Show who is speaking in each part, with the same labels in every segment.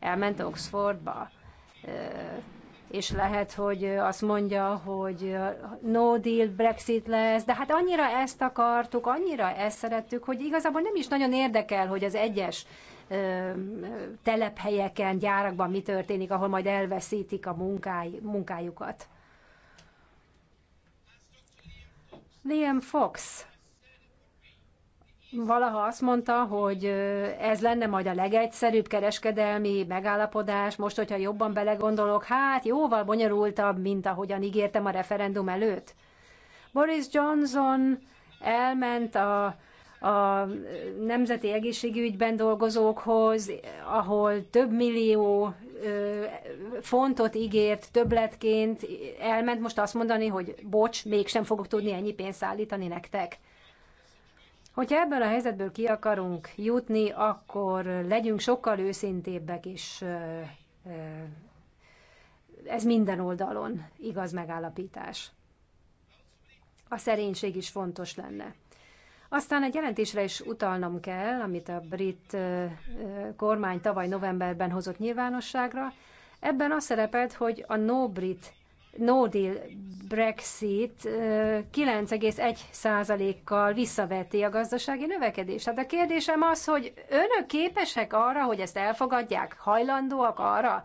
Speaker 1: elment Oxfordba, és lehet, hogy azt mondja, hogy no deal, Brexit lesz, de hát annyira ezt akartuk, annyira ezt szerettük, hogy igazából nem is nagyon érdekel, hogy az egyes telephelyeken, gyárakban mi történik, ahol majd elveszítik a munkáj, munkájukat. Liam Fox valaha azt mondta, hogy ez lenne majd a legegyszerűbb kereskedelmi megállapodás, most, hogyha jobban belegondolok, hát jóval bonyolultabb, mint ahogyan ígértem a referendum előtt. Boris Johnson elment a, a nemzeti egészségügyben dolgozókhoz, ahol több millió fontot ígért többletként, elment most azt mondani, hogy bocs, mégsem fogok tudni ennyi pénzt állítani nektek. Hogyha ebből a helyzetből ki akarunk jutni, akkor legyünk sokkal őszintébbek is. Ez minden oldalon igaz megállapítás. A szerénység is fontos lenne. Aztán egy jelentésre is utalnom kell, amit a brit kormány tavaly novemberben hozott nyilvánosságra. Ebben az szerepelt, hogy a no-brit no deal Brexit 9,1%-kal visszaveti a gazdasági növekedést. Hát a kérdésem az, hogy önök képesek arra, hogy ezt elfogadják, hajlandóak arra,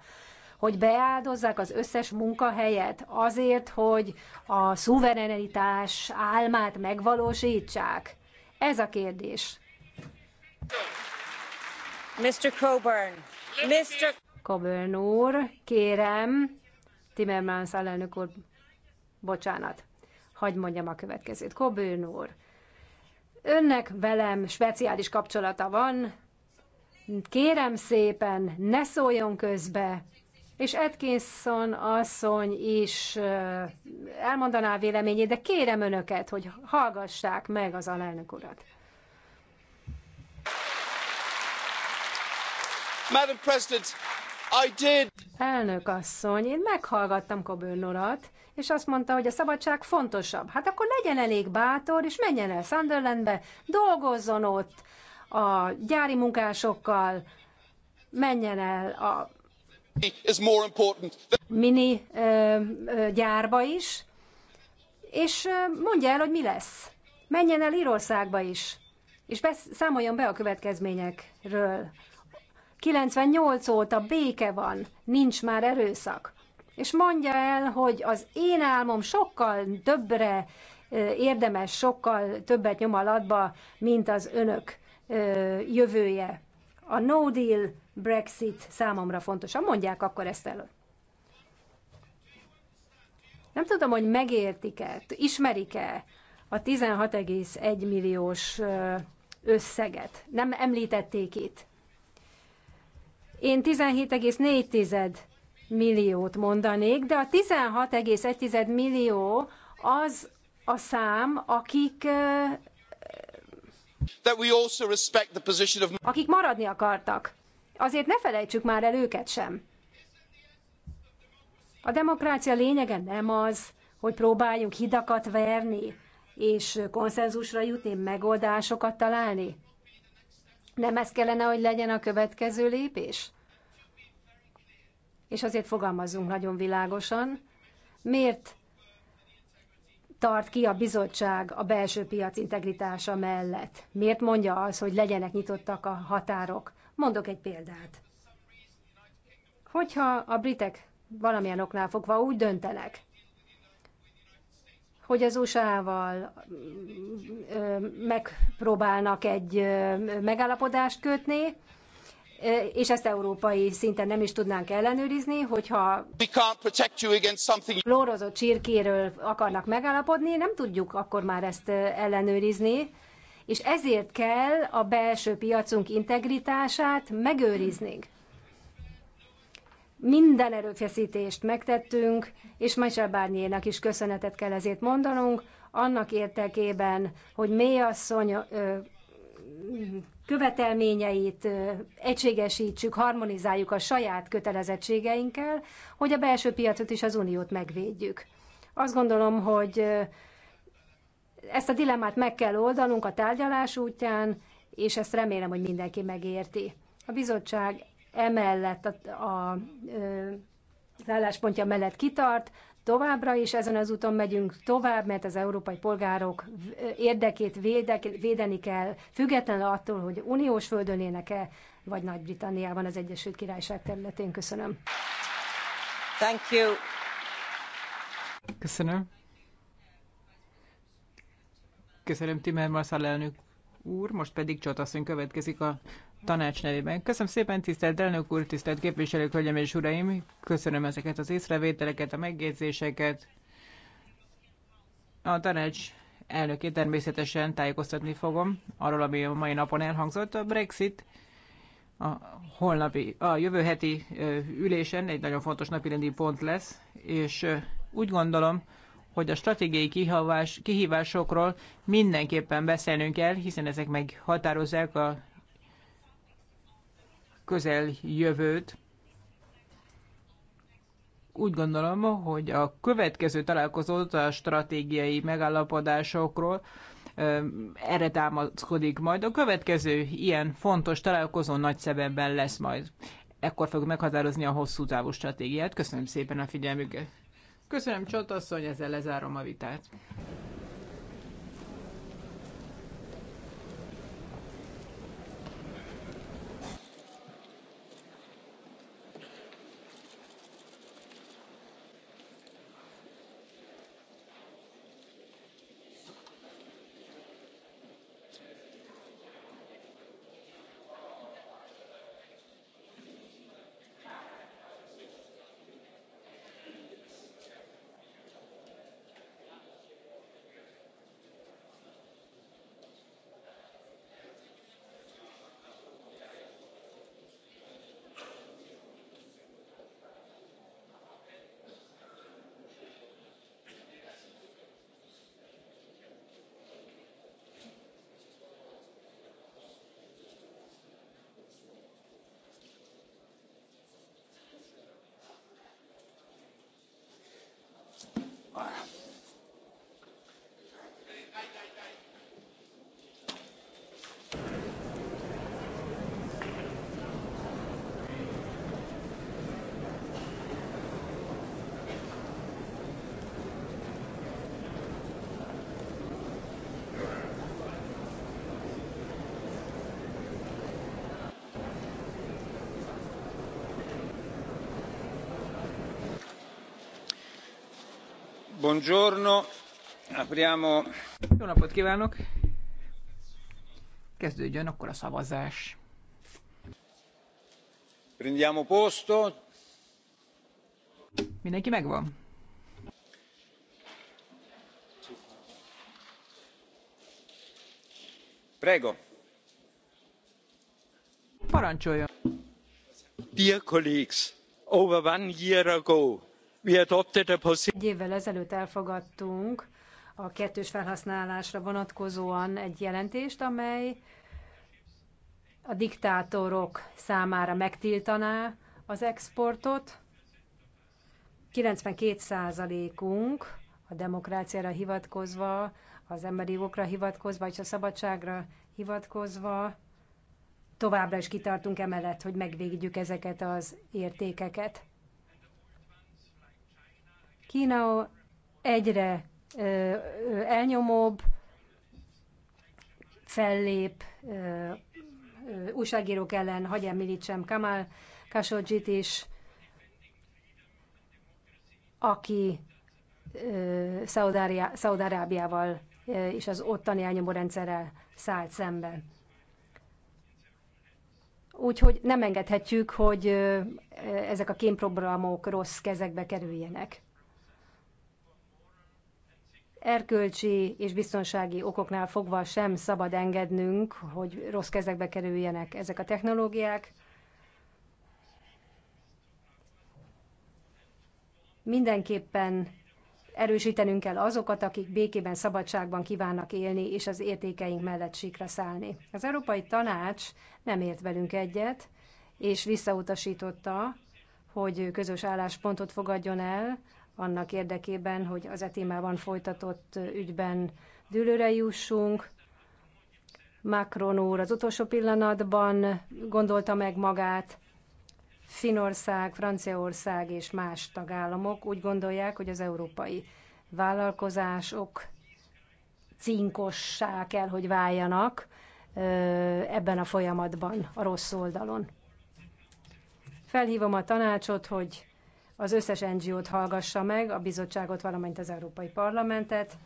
Speaker 1: hogy beáldozzák az összes munkahelyet azért, hogy a szuverenitás álmát megvalósítsák? Ez a kérdés. Mr. Coburn, Mr. Coburn úr, kérem, Timmermans alelnök úr, bocsánat, hagyd mondjam a következőt. Coburn úr, önnek velem speciális kapcsolata van, kérem szépen, ne szóljon közbe, és Atkinson asszony is elmondaná a véleményét, de kérem önöket, hogy hallgassák meg az alelnök urat. Madam President, I did. Elnök asszony, én meghallgattam Coburn urat, és azt mondta, hogy a szabadság fontosabb. Hát akkor legyen elég bátor, és menjen el Sunderlandbe, dolgozzon ott a gyári munkásokkal, menjen el a mini ö, ö, gyárba is, és mondja el, hogy mi lesz. Menjen el Írországba is, és besz- számoljon be a következményekről. 98 óta béke van, nincs már erőszak. És mondja el, hogy az én álmom sokkal többre érdemes, sokkal többet nyom alatba, mint az önök jövője. A no deal Brexit számomra fontos. Ha mondják akkor ezt elő. Nem tudom, hogy megértik-e, ismerik-e a 16,1 milliós összeget. Nem említették itt. Én 17,4 milliót mondanék, de a 16,1 millió az a szám, akik akik maradni akartak. Azért ne felejtsük már el őket sem. A demokrácia lényege nem az, hogy próbáljunk hidakat verni, és konszenzusra jutni, megoldásokat találni. Nem ez kellene, hogy legyen a következő lépés? És azért fogalmazunk nagyon világosan, miért tart ki a bizottság a belső piac integritása mellett? Miért mondja az, hogy legyenek nyitottak a határok? Mondok egy példát. Hogyha a britek valamilyen oknál fogva úgy döntenek, hogy az USA-val megpróbálnak egy megállapodást kötni, és ezt európai szinten nem is tudnánk ellenőrizni, hogyha lórozott csirkéről akarnak megállapodni, nem tudjuk akkor már ezt ellenőrizni, és ezért kell a belső piacunk integritását megőriznünk. Minden erőfeszítést megtettünk, és Michel barnier is köszönetet kell ezért mondanunk, annak értekében, hogy ö, követelményeit egységesítsük, harmonizáljuk a saját kötelezettségeinkkel, hogy a belső piacot és az uniót megvédjük. Azt gondolom, hogy ezt a dilemmát meg kell oldanunk a tárgyalás útján, és ezt remélem, hogy mindenki megérti. A bizottság emellett a, a, az álláspontja mellett kitart, továbbra is ezen az úton megyünk tovább, mert az európai polgárok érdekét védek, védeni kell, függetlenül attól, hogy uniós földön élnek-e, vagy Nagy-Britanniában az Egyesült Királyság területén. Köszönöm. Thank you.
Speaker 2: Köszönöm. Köszönöm Timmermans alelnök úr, most pedig csatasszony következik a tanács nevében. Köszönöm szépen, tisztelt elnök úr, tisztelt képviselők, hölgyeim és uraim! Köszönöm ezeket az észrevételeket, a megjegyzéseket. A tanács elnökét természetesen tájékoztatni fogom arról, ami a mai napon elhangzott. A Brexit a holnapi, a jövő heti ülésen egy nagyon fontos napirendi pont lesz, és úgy gondolom, hogy a stratégiai kihívás, kihívásokról mindenképpen beszélnünk kell, hiszen ezek meghatározzák a közel jövőt. Úgy gondolom, hogy a következő találkozót a stratégiai megállapodásokról erre támaszkodik majd. A következő ilyen fontos találkozó nagy szememben lesz majd. Ekkor fogjuk meghatározni a hosszú távú stratégiát. Köszönöm szépen a figyelmüket. Köszönöm, Csotasszony, ezzel lezárom a vitát. Jó napot kívánok! Kezdődjön akkor a szavazás. Prendiamo posto. Mindenki megvan?
Speaker 3: Prego. Parancsoljon. Dear colleagues, over one year ago, egy
Speaker 1: évvel ezelőtt elfogadtunk a kettős felhasználásra vonatkozóan egy jelentést, amely a diktátorok számára megtiltaná az exportot. 92%-unk a demokráciára hivatkozva, az emberi jogokra hivatkozva és a szabadságra hivatkozva továbbra is kitartunk emellett, hogy megvédjük ezeket az értékeket. Kína egyre elnyomóbb, fellép újságírók ellen, hagyj említsem Kamal Khashoggi-t is, aki Szaudarábiával és az ottani elnyomó rendszerrel szállt szembe. Úgyhogy nem engedhetjük, hogy ezek a kémprogramok rossz kezekbe kerüljenek erkölcsi és biztonsági okoknál fogva sem szabad engednünk, hogy rossz kezekbe kerüljenek ezek a technológiák. Mindenképpen erősítenünk kell azokat, akik békében, szabadságban kívánnak élni, és az értékeink mellett síkra szállni. Az Európai Tanács nem ért velünk egyet, és visszautasította, hogy közös álláspontot fogadjon el annak érdekében, hogy az e folytatott ügyben dőlőre jussunk. Macron úr az utolsó pillanatban gondolta meg magát, Finország, Franciaország és más tagállamok úgy gondolják, hogy az európai vállalkozások cinkossá kell, hogy váljanak ebben a folyamatban, a rossz oldalon. Felhívom a tanácsot, hogy az összes NGO-t hallgassa meg, a bizottságot, valamint az Európai Parlamentet,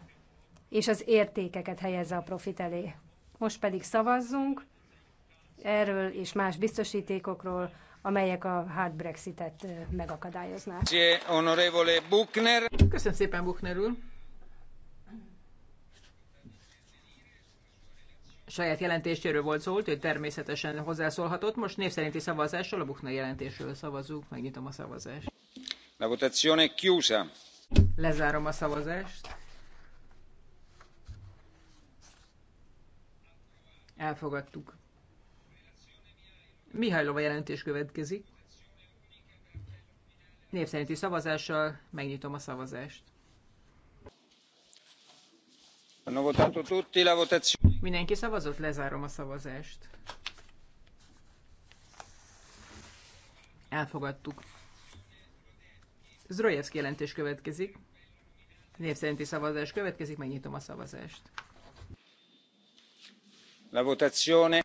Speaker 1: és az értékeket helyezze a profit elé. Most pedig szavazzunk erről és más biztosítékokról, amelyek a hard Brexitet megakadályoznák. Köszönöm szépen, Buchner úr! Saját
Speaker 2: jelentéséről volt szólt, hogy természetesen hozzászólhatott. Most név szerinti szavazással a Buchner jelentésről szavazunk, megnyitom a szavazást
Speaker 3: votazione è chiusa.
Speaker 2: Lezárom a szavazást. Elfogadtuk. Mihajlova jelentés következik. Név szerinti szavazással megnyitom a szavazást. Mindenki szavazott, lezárom a szavazást. Elfogadtuk. Zrojevsz jelentés következik. Név szerinti szavazás következik, megnyitom a szavazást. La votazione.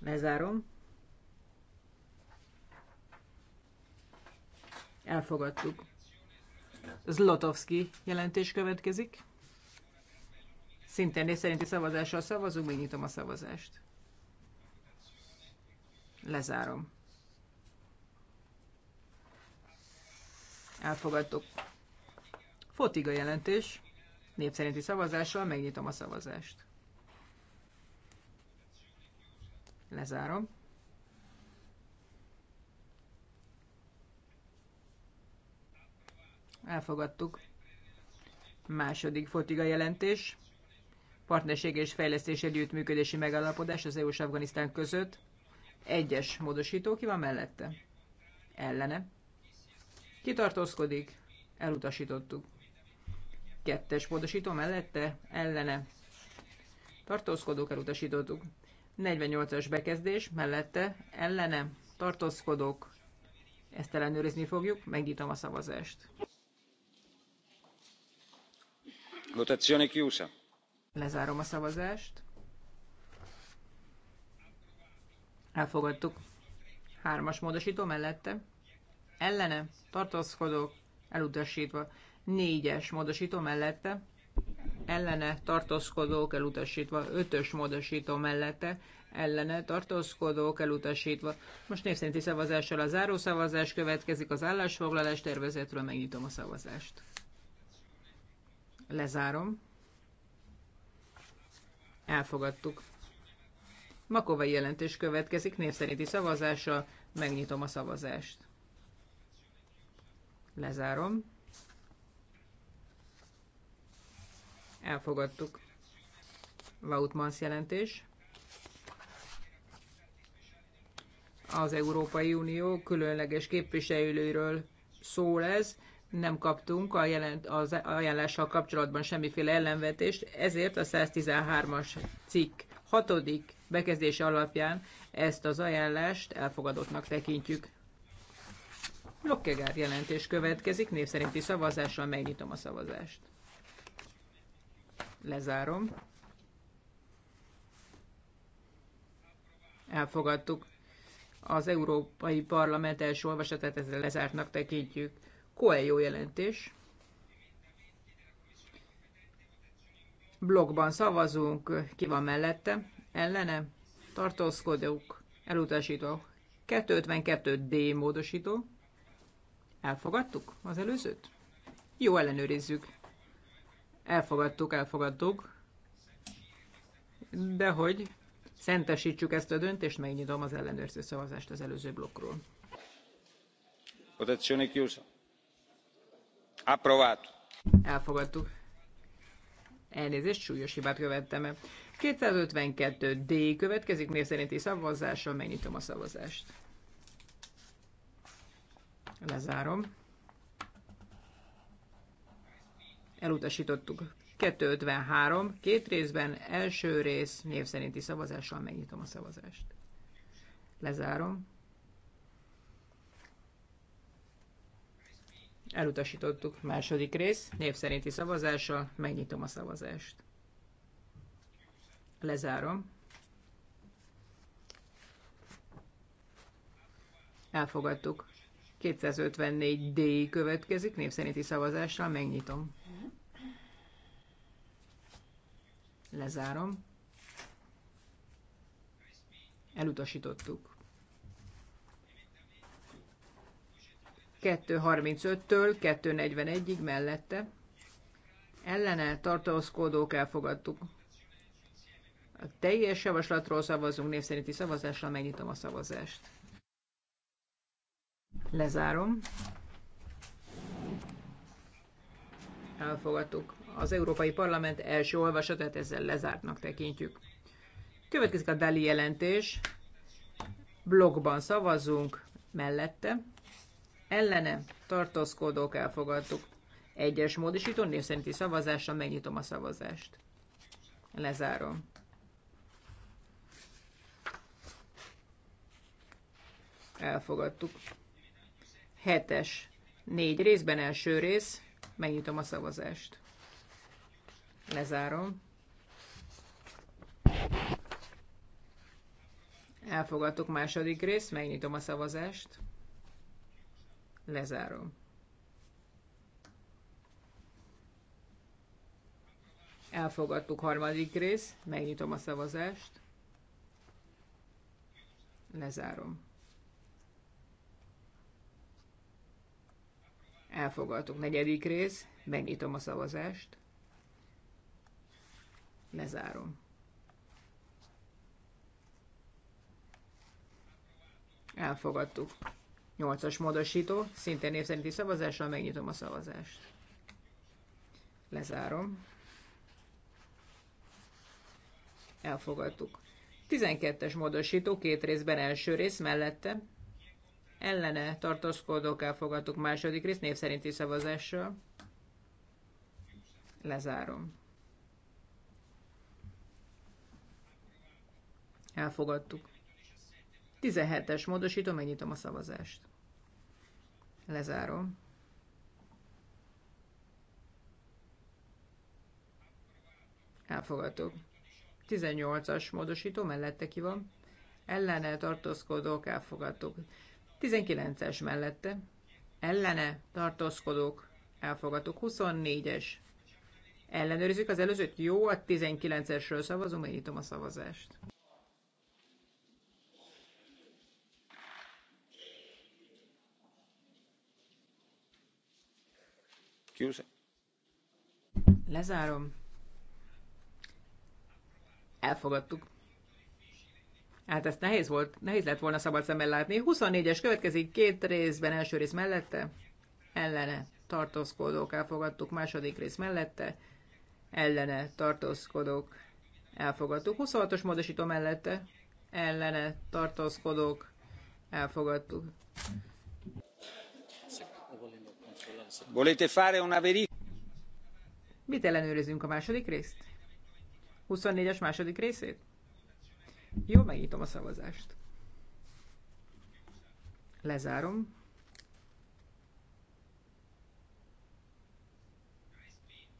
Speaker 2: Lezárom. Elfogadtuk. Zlotowski jelentés következik. Szintén név szerinti szavazással szavazunk, megnyitom a szavazást. Lezárom. Elfogadtuk. Fotiga jelentés. Népszerinti szavazással megnyitom a szavazást. Lezárom. Elfogadtuk. Második fotiga jelentés. Partnerség és fejlesztés együttműködési megállapodás az EU s Afganisztán között. Egyes módosító ki van mellette? Ellene kitartózkodik, elutasítottuk. Kettes módosító mellette, ellene, tartózkodók, elutasítottuk. 48-as bekezdés mellette, ellene, tartózkodók, ezt ellenőrizni fogjuk, megnyitom a szavazást.
Speaker 3: Votazione chiusa.
Speaker 2: Lezárom a szavazást. Elfogadtuk. Hármas módosító mellette ellene tartózkodók elutasítva. Négyes módosító mellette ellene tartózkodók elutasítva. Ötös módosító mellette ellene tartózkodók elutasítva. Most név szerinti szavazással a zárószavazás következik az állásfoglalás tervezetről. Megnyitom a szavazást. Lezárom. Elfogadtuk. Makovai jelentés következik név szerinti szavazással. Megnyitom a szavazást. Lezárom. Elfogadtuk. Vautmans jelentés. Az Európai Unió különleges képviselőről szól ez. Nem kaptunk a jelent, az ajánlással kapcsolatban semmiféle ellenvetést, ezért a 113-as cikk hatodik bekezdése alapján ezt az ajánlást elfogadottnak tekintjük. Lokkegaard jelentés következik, név szerinti szavazással megnyitom a szavazást. Lezárom. Elfogadtuk. Az Európai Parlament első olvasatát ezzel lezártnak tekintjük. Coelho jelentés. Blokkban szavazunk, ki van mellette, ellene, tartózkodók, elutasító. 252D módosító Elfogadtuk az előzőt? Jó, ellenőrizzük. Elfogadtuk, elfogadtuk. De hogy szentesítsük ezt a döntést, megnyitom az ellenőrző szavazást az előző blokkról.
Speaker 3: Votazione chiusa. Approvato.
Speaker 2: Elfogadtuk. Elnézést, súlyos hibát követtem el. 252 D következik, név szerinti szavazással megnyitom a szavazást. Lezárom. Elutasítottuk. 253, két részben, első rész név szerinti szavazással megnyitom a szavazást. Lezárom. Elutasítottuk. Második rész, név szerinti szavazással megnyitom a szavazást. Lezárom. Elfogadtuk. 254D következik, név szerinti szavazással megnyitom. Lezárom. Elutasítottuk. 235-től 241-ig mellette. Ellene tartózkodók elfogadtuk. A teljes javaslatról szavazunk, név szerinti szavazással megnyitom a szavazást. Lezárom. Elfogadtuk. Az Európai Parlament első olvasatát ezzel lezártnak tekintjük. Következik a Dali jelentés. Blogban szavazzunk mellette. Ellene tartózkodók elfogadtuk. Egyes módosító név szerinti szavazásra megnyitom a szavazást. Lezárom. Elfogadtuk. Hetes. Négy részben első rész. Megnyitom a szavazást. Lezárom. Elfogadtok második rész, megnyitom a szavazást. Lezárom. Elfogadtuk harmadik rész, megnyitom a szavazást. Lezárom. Elfogadtuk. Negyedik rész. Megnyitom a szavazást. Lezárom. Elfogadtuk. Nyolcas módosító. Szintén név szerinti szavazással megnyitom a szavazást. Lezárom. Elfogadtuk. 12-es módosító két részben első rész mellette ellene tartózkodók elfogadtuk második rész név szerinti szavazással. Lezárom. Elfogadtuk. 17-es módosítom, megnyitom a szavazást. Lezárom. Elfogadtuk. 18-as módosító, mellette ki van. Ellene tartózkodók, elfogadtuk. 19-es mellette ellene tartózkodók elfogadtuk. 24-es ellenőrizzük az előzőt. Jó, a 19-esről szavazom, én nyitom a szavazást. Chiuse. Lezárom. Elfogadtuk. Hát ezt nehéz, volt, nehéz lett volna szabad szemmel látni. 24-es következik két részben, első rész mellette, ellene tartózkodók elfogadtuk, második rész mellette, ellene tartózkodók elfogadtuk. 26-os módosító mellette, ellene tartózkodók elfogadtuk.
Speaker 3: Volete fare una verifica?
Speaker 2: Mit ellenőrizünk a második részt? 24-es második részét? Jó, megnyitom a szavazást. Lezárom.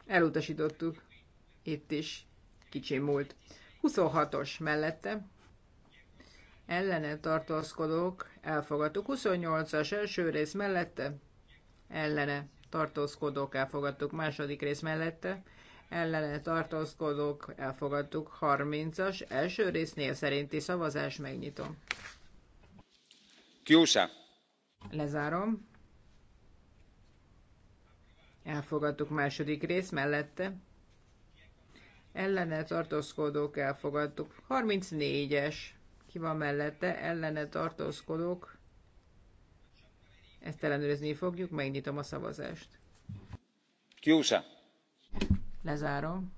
Speaker 2: Elutasítottuk. Itt is kicsi múlt. 26-os mellette. Ellene tartózkodók elfogadtuk. 28-as első rész mellette. Ellene tartózkodók elfogadtuk. Második rész mellette ellene tartózkodók elfogadtuk. 30-as első résznél szerinti szavazás megnyitom. Kiusa. Lezárom. Elfogadtuk második rész mellette. Ellene tartózkodók elfogadtuk. 34-es. Ki van mellette? Ellene tartózkodók. Ezt ellenőrizni fogjuk. Megnyitom a szavazást. Kiusa. Lezárom.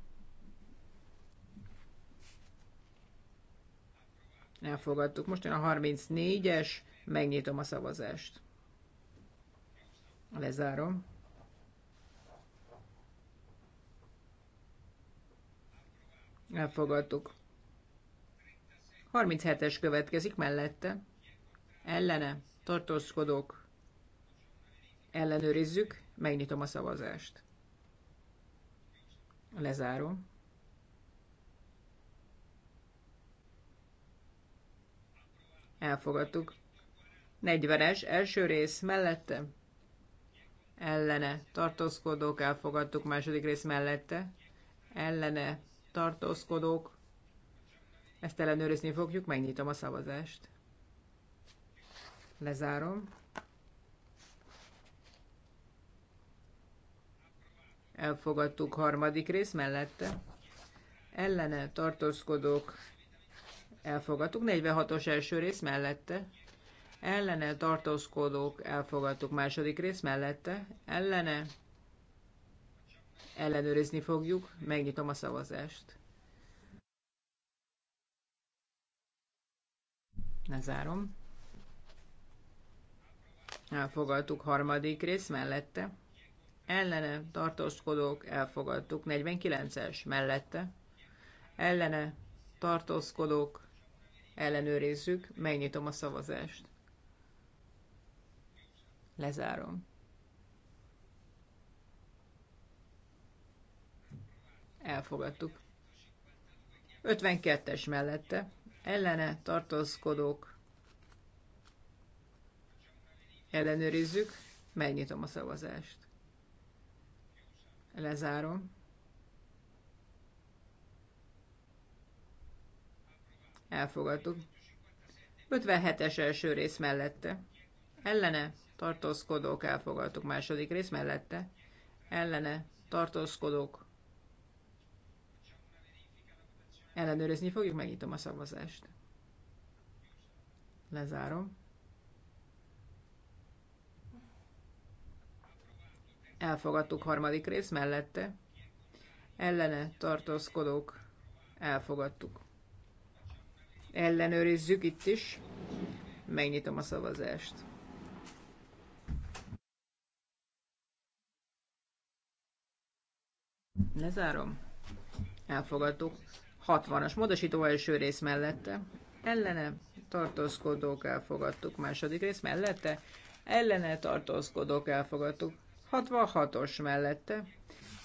Speaker 2: Elfogadtuk. Most én a 34-es, megnyitom a szavazást. Lezárom. Elfogadtuk. 37-es következik mellette. Ellene. Tartózkodok. Ellenőrizzük. Megnyitom a szavazást. Lezárom. Elfogadtuk. 40-es első rész mellette. Ellene tartózkodók elfogadtuk második rész mellette. Ellene tartózkodók. Ezt ellenőrizni fogjuk, megnyitom a szavazást. Lezárom. elfogadtuk harmadik rész mellette, ellene tartózkodók elfogadtuk, 46-os első rész mellette, ellene tartózkodók elfogadtuk második rész mellette, ellene ellenőrizni fogjuk, megnyitom a szavazást. zárom. Elfogadtuk harmadik rész mellette ellene tartózkodók elfogadtuk. 49-es mellette ellene tartózkodók ellenőrizzük, megnyitom a szavazást. Lezárom. Elfogadtuk. 52-es mellette ellene tartózkodók ellenőrizzük, megnyitom a szavazást. Lezárom. Elfogadtuk. 57-es első rész mellette. Ellene tartózkodók elfogadtuk. Második rész mellette. Ellene tartózkodók. Ellenőrizni fogjuk, megítom a szavazást. Lezárom. Elfogadtuk harmadik rész mellette. Ellene tartózkodók. Elfogadtuk. Ellenőrizzük itt is. Megnyitom a szavazást. Lezárom. Elfogadtuk. 60-as módosító első rész mellette. Ellene tartózkodók elfogadtuk. Második rész mellette. Ellene tartózkodók elfogadtuk. 66-os mellette,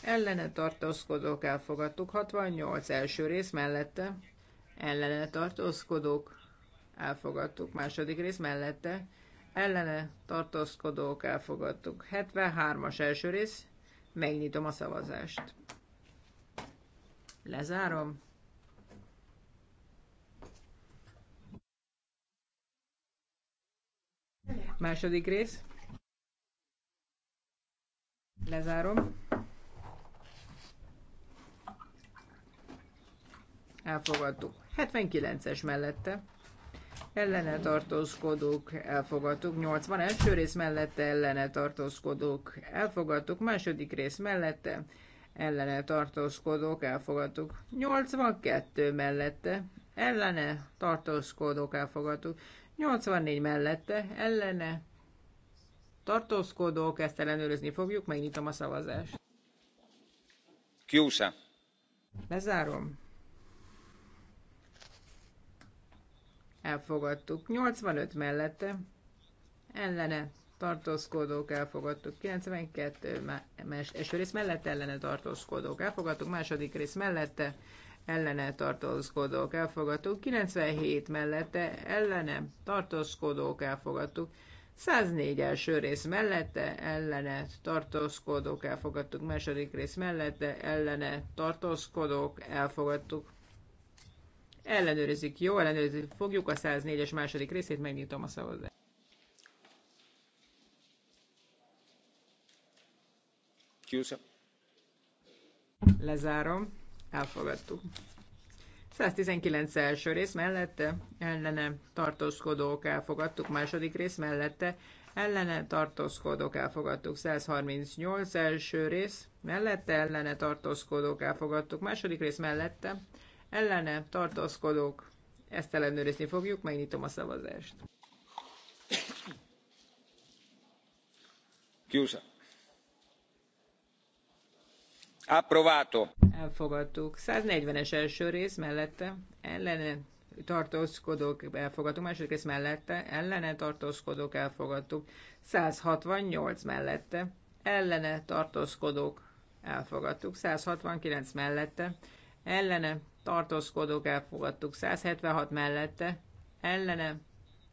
Speaker 2: ellene tartózkodók elfogadtuk, 68 első rész mellette, ellene tartózkodók elfogadtuk, második rész mellette, ellene tartózkodók elfogadtuk, 73-as első rész, megnyitom a szavazást. Lezárom. Második rész. Lezárom. Elfogadtuk. 79-es mellette. Ellene tartózkodók, elfogadtuk. 80 első rész mellette, ellene tartózkodók, elfogadtuk. Második rész mellette, ellene tartózkodók, elfogadtuk. 82 mellette, ellene tartózkodók, elfogadtuk. 84 mellette, ellene tartózkodók, ezt ellenőrizni fogjuk, megnyitom a szavazást. Kiusa. Bezárom. Elfogadtuk. 85 mellette. Ellene tartózkodók, elfogadtuk. 92 más, első rész mellette, ellene tartózkodók, elfogadtuk. Második rész mellette, ellene tartózkodók, elfogadtuk. 97 mellette, ellene tartózkodók, elfogadtuk. 104 első rész mellette, ellene tartózkodók, elfogadtuk. Második rész mellette, ellene tartózkodók, elfogadtuk. Ellenőrizik, jó, ellenőrizik. Fogjuk a 104-es második részét, megnyitom a szavazást. Lezárom. Elfogadtuk. 119 első rész mellette, ellene tartózkodók elfogadtuk, második rész mellette, ellene tartózkodók elfogadtuk, 138 első rész mellette, ellene tartózkodók elfogadtuk, második rész mellette, ellene tartózkodók, ezt ellenőrizni fogjuk, megnyitom a szavazást.
Speaker 3: Kiusa. Elfogadtuk.
Speaker 2: 140-es első rész mellette ellene tartózkodók elfogadtuk, második rész mellette ellene tartózkodók elfogadtuk, 168 mellette ellene tartózkodók elfogadtuk, 169 mellette ellene tartózkodók elfogadtuk, 176 mellette ellene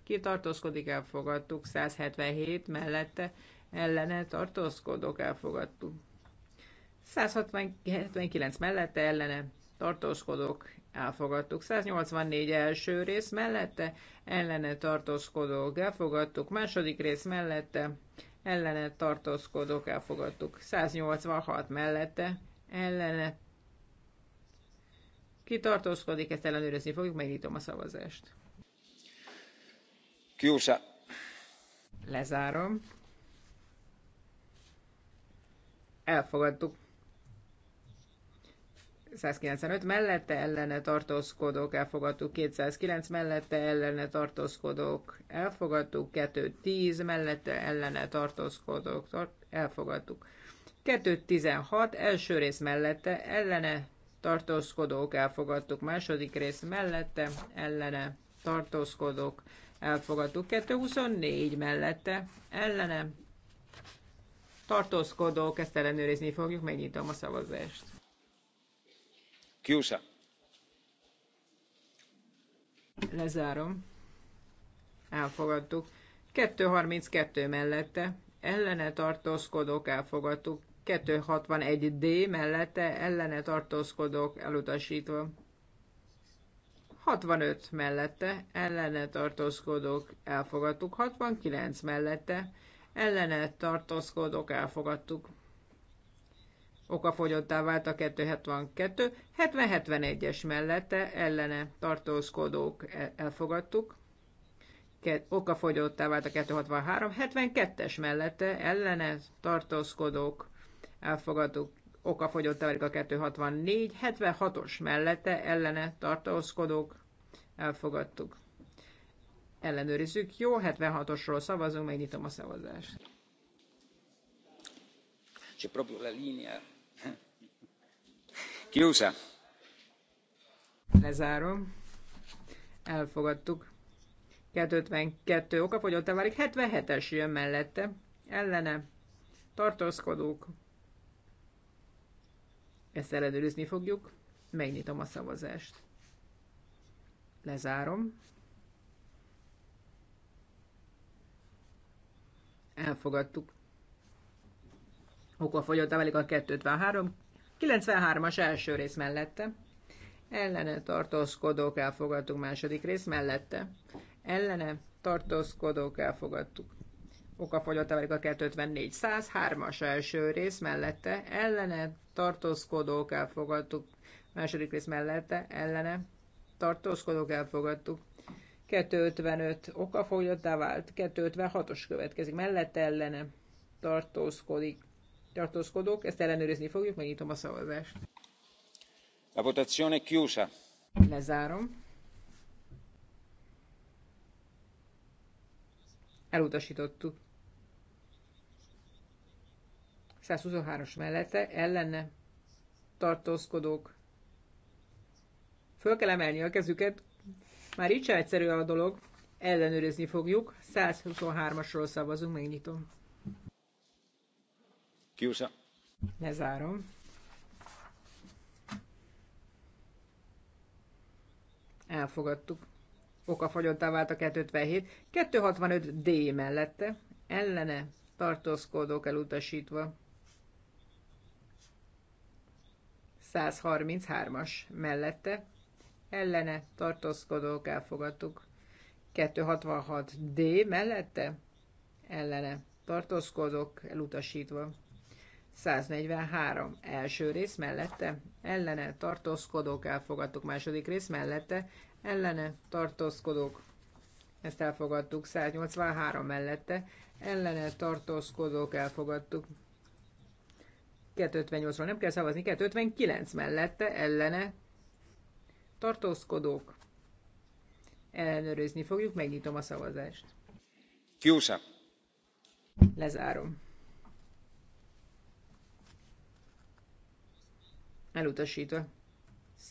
Speaker 2: kitartózkodik elfogadtuk, 177 mellette ellene tartózkodók elfogadtuk. 179 mellette ellene tartózkodok, elfogadtuk. 184 első rész mellette ellene tartózkodok, elfogadtuk. Második rész mellette ellene tartózkodok, elfogadtuk. 186 mellette ellene ki tartózkodik, ezt ellenőrizni fogjuk, megnyitom a szavazást. Kiusa. Lezárom. Elfogadtuk. 195 mellette ellene tartózkodók elfogadtuk, 209 mellette ellene tartózkodók elfogadtuk, 210 mellette ellene tartózkodók elfogadtuk. 216 első rész mellette ellene tartózkodók elfogadtuk, második rész mellette ellene tartózkodók elfogadtuk, 224 mellette ellene tartózkodók, ezt ellenőrizni fogjuk, megnyitom a szavazást. Lezárom. Elfogadtuk. 232 mellette, ellene tartózkodók elfogadtuk. 261D mellette, ellene tartózkodók elutasítva. 65 mellette, ellene tartózkodók elfogadtuk. 69 mellette, ellene tartózkodók elfogadtuk okafogyottá vált a 272, 70-71-es mellette ellene tartózkodók elfogadtuk, okafogyottá vált a 263, 72-es mellette ellene tartózkodók elfogadtuk, okafogyottá válik a 264, 76-os mellette ellene tartózkodók elfogadtuk. Ellenőrizzük, jó, 76-osról szavazunk, megnyitom a szavazást.
Speaker 3: C'è proprio la linea
Speaker 2: Lezárom. Elfogadtuk. 252 okafogyottá válik, 77-es jön mellette. Ellene. Tartózkodók. Ezt ellenőrizni fogjuk. Megnyitom a szavazást. Lezárom. Elfogadtuk. Oka a válik a 253, 93-as első rész mellette. Ellene tartózkodók elfogadtuk második rész mellette. Ellene tartózkodók elfogadtuk. Okafogyott a 254 103-as első rész mellette. Ellene tartózkodók elfogadtuk második rész mellette. Ellene tartózkodók elfogadtuk. 255 okafogyottá vált, 256-os következik, mellette ellene tartózkodik, tartózkodók, ezt ellenőrizni fogjuk, megnyitom a szavazást.
Speaker 3: La votazione chiusa.
Speaker 2: Lezárom. Elutasítottuk. 123-as mellette ellene tartózkodók. Föl kell emelni a kezüket. Már így sem egyszerű a dolog. Ellenőrizni fogjuk. 123-asról szavazunk, megnyitom. Kiusa. Lezárom. Elfogadtuk. Okafagyottá vált a 257. 265 D mellette. Ellene tartózkodók elutasítva. 133-as mellette. Ellene tartózkodók elfogadtuk. 266 D mellette. Ellene tartózkodók elutasítva. 143 első rész mellette, ellene tartózkodók, elfogadtuk második rész mellette, ellene tartózkodók, ezt elfogadtuk 183 mellette, ellene tartózkodók, elfogadtuk 258-ról nem kell szavazni, 259 mellette, ellene tartózkodók, ellenőrizni fogjuk, megnyitom a szavazást. Kiusa. Lezárom. elutasítva.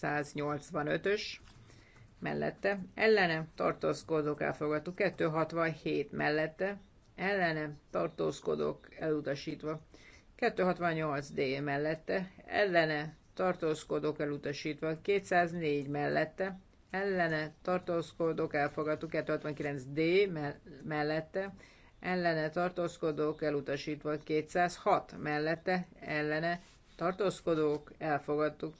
Speaker 2: 185-ös mellette, ellene tartózkodók elfogadtuk, 267 mellette, ellene tartózkodók elutasítva, 268D mellette, ellene tartózkodók elutasítva, 204 mellette, ellene tartózkodók elfogadtuk, 269D mellette, ellene tartózkodók elutasítva, 206 mellette, ellene tartózkodók, elfogadtuk.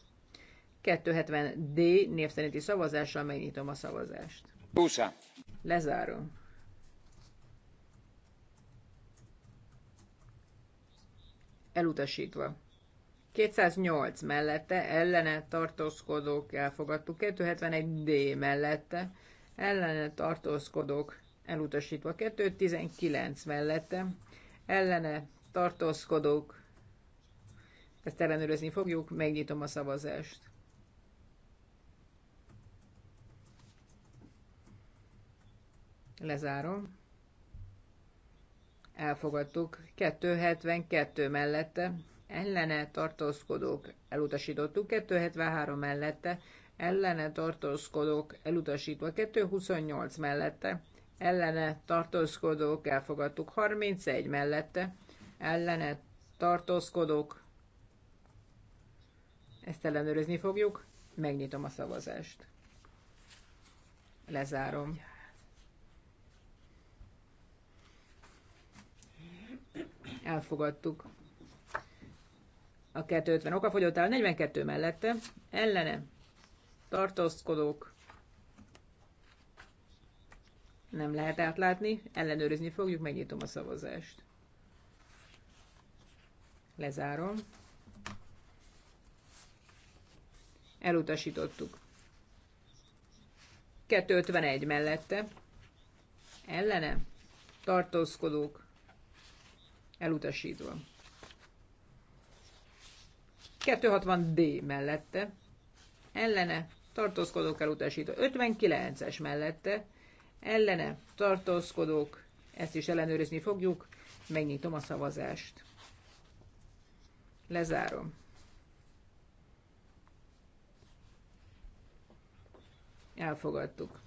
Speaker 2: 270D név szerinti szavazással megnyitom a szavazást. Búsa. Lezárom. Elutasítva. 208 mellette, ellene tartózkodók elfogadtuk. 271D mellette, ellene tartózkodók elutasítva. 219 mellette, ellene tartózkodók ezt ellenőrizni fogjuk, megnyitom a szavazást. Lezárom. Elfogadtuk. 272 mellette ellene tartózkodók elutasítottuk, 273 mellette ellene tartózkodók elutasítva, 228 mellette ellene tartózkodók elfogadtuk, 31 mellette ellene tartózkodók ezt ellenőrizni fogjuk. Megnyitom a szavazást. Lezárom. Elfogadtuk. A 250 okafogyott áll, 42 mellette. Ellene. Tartózkodók. Nem lehet átlátni. Ellenőrizni fogjuk. Megnyitom a szavazást. Lezárom. elutasítottuk. 251 mellette, ellene, tartózkodók, elutasítva. 260 D mellette, ellene, tartózkodók elutasítva. 59-es mellette, ellene, tartózkodók, ezt is ellenőrizni fogjuk, megnyitom a szavazást. Lezárom. Elfogadtuk.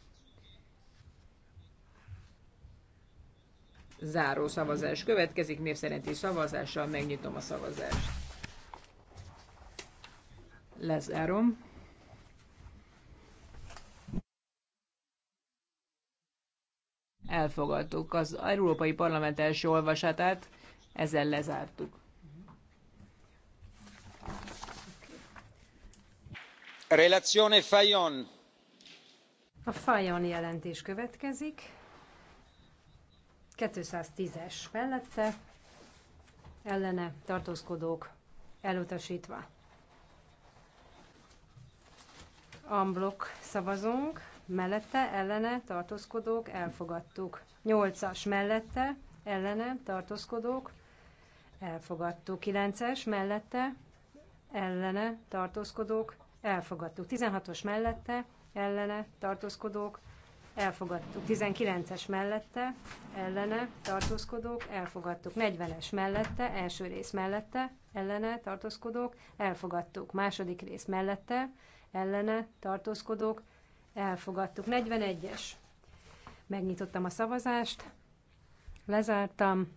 Speaker 2: Záró szavazás következik, név szerinti szavazással megnyitom a szavazást. Lezárom. Elfogadtuk az Európai Parlament első olvasatát,
Speaker 1: ezzel lezártuk.
Speaker 3: Relazione Fajon
Speaker 1: a Fajon jelentés következik. 210-es mellette ellene tartózkodók elutasítva. Amblok szavazunk, mellette ellene tartózkodók elfogadtuk. 8-as mellette ellene tartózkodók elfogadtuk. 9-es mellette ellene tartózkodók elfogadtuk. 16-os mellette ellene tartózkodók elfogadtuk. 19-es mellette ellene tartózkodók elfogadtuk. 40-es mellette első rész mellette ellene tartózkodók elfogadtuk. Második rész mellette ellene tartózkodók elfogadtuk. 41-es. Megnyitottam a szavazást, lezártam.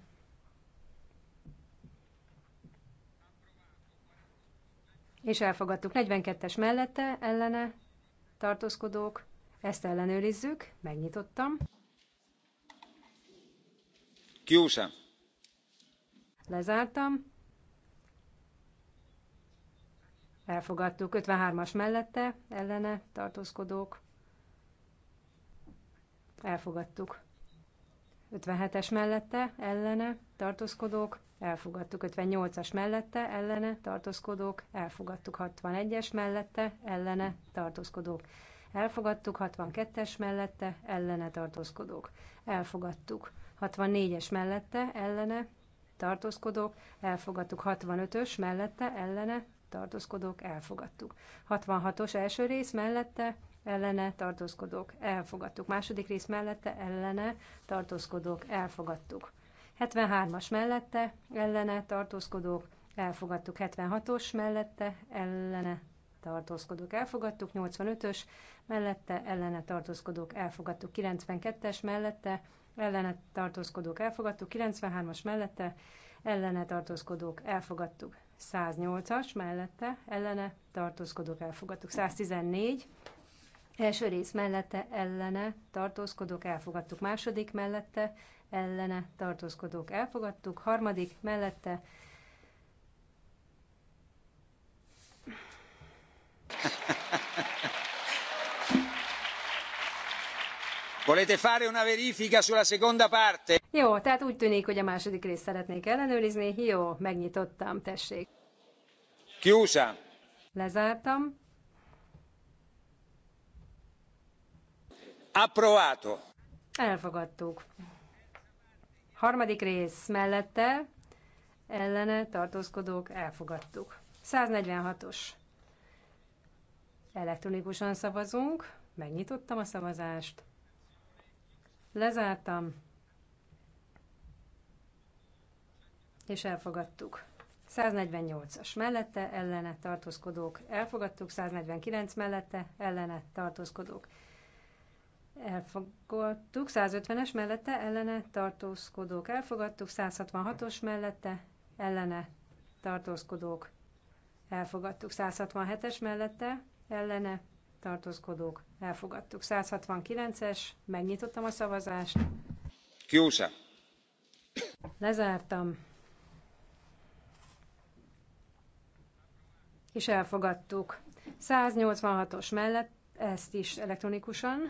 Speaker 1: És elfogadtuk. 42-es mellette ellene tartózkodók, ezt ellenőrizzük, megnyitottam. Kiúsa. Lezártam. Elfogadtuk 53-as mellette, ellene tartózkodók. Elfogadtuk. 57-es mellette, ellene tartózkodók elfogadtuk 58-as mellette, ellene tartózkodók, elfogadtuk 61-es mellette, ellene tartózkodók, elfogadtuk 62-es mellette, ellene tartózkodók, elfogadtuk 64-es mellette, ellene tartózkodók, elfogadtuk 65-ös mellette, ellene tartózkodók, elfogadtuk 66-os első rész mellette, ellene tartózkodók, elfogadtuk második rész mellette, ellene tartózkodók, elfogadtuk 73-as mellette ellene tartózkodók elfogadtuk, 76-os mellette ellene tartózkodók elfogadtuk, 85-ös mellette ellene tartózkodók elfogadtuk, 92-es mellette ellene tartózkodók elfogadtuk, 93-as mellette ellene tartózkodók elfogadtuk, 108-as mellette ellene tartózkodók elfogadtuk, 114 első rész mellette ellene tartózkodók elfogadtuk, második mellette ellene tartózkodók elfogadtuk, harmadik mellette
Speaker 3: Volete fare una verifica sulla seconda parte?
Speaker 1: Jó, tehát úgy tűnik, hogy a második részt szeretnék ellenőrizni. Jó, megnyitottam, tessék. Chiusa. Lezártam.
Speaker 3: Approvato.
Speaker 1: Elfogadtuk. Harmadik rész mellette ellene tartózkodók elfogadtuk. 146-os. Elektronikusan szavazunk. Megnyitottam a szavazást. Lezártam. És elfogadtuk. 148-as mellette ellene tartózkodók elfogadtuk, 149 mellette ellene tartózkodók elfogadtuk, 150-es mellette ellene tartózkodók elfogadtuk, 166-os mellette ellene tartózkodók elfogadtuk, 167-es mellette ellene tartózkodók elfogadtuk, 169-es, megnyitottam a szavazást. Kiúsa. Lezártam. És elfogadtuk. 186-os mellett ezt is elektronikusan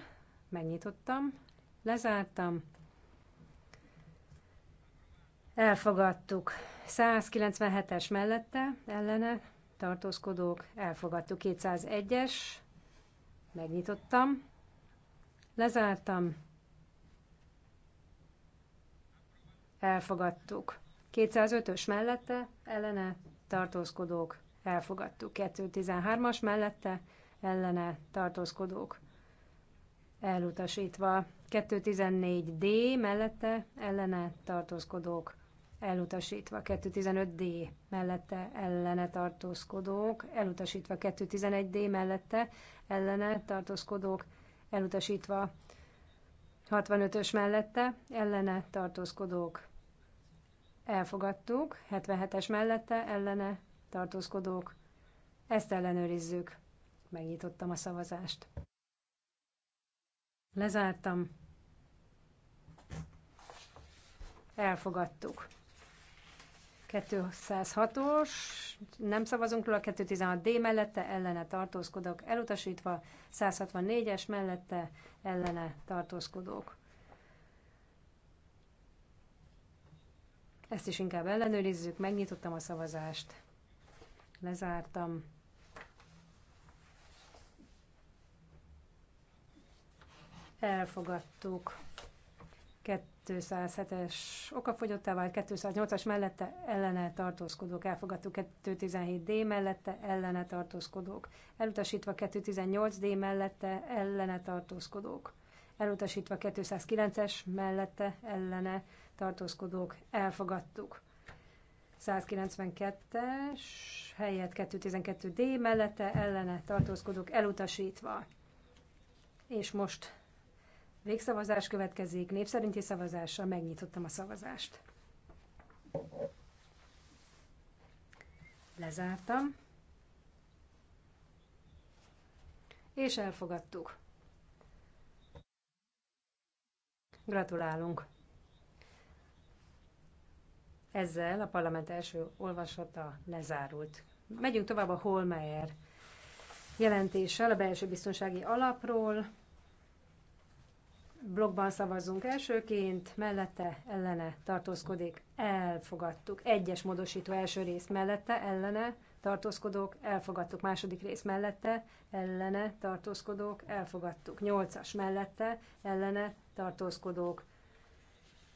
Speaker 1: megnyitottam, lezártam, elfogadtuk 197-es mellette, ellene, tartózkodók, elfogadtuk 201-es, megnyitottam, lezártam, elfogadtuk. 205-ös mellette, ellene, tartózkodók, elfogadtuk. 213-as mellette, ellene, tartózkodók, elutasítva. 214D mellette ellene tartózkodók elutasítva. 215D mellette ellene tartózkodók elutasítva. 211D mellette ellene tartózkodók elutasítva. 65-ös mellette ellene tartózkodók elfogadtuk, 77-es mellette ellene tartózkodók. Ezt ellenőrizzük. Megnyitottam a szavazást. Lezártam. Elfogadtuk. 206-os, nem szavazunk róla, 216D mellette ellene tartózkodok, elutasítva, 164-es mellette ellene tartózkodók. Ezt is inkább ellenőrizzük, megnyitottam a szavazást, lezártam. elfogadtuk. 207-es okafogyottá vált, 208-as mellette ellene tartózkodók, elfogadtuk 217D mellette ellene tartózkodók, elutasítva 218D mellette ellene tartózkodók, elutasítva 209-es mellette ellene tartózkodók, elfogadtuk. 192-es helyett 212D mellette ellene tartózkodók elutasítva. És most Végszavazás következik, népszerinti szavazással megnyitottam a szavazást. Lezártam. És elfogadtuk. Gratulálunk! Ezzel a parlament első olvasata lezárult. Megyünk tovább a Holmeyer jelentéssel a belső biztonsági alapról blogban szavazunk elsőként, mellette ellene tartózkodik, elfogadtuk. Egyes módosító első rész mellette ellene tartózkodók, elfogadtuk. Második rész mellette ellene tartózkodók, elfogadtuk. Nyolcas mellette ellene tartózkodók,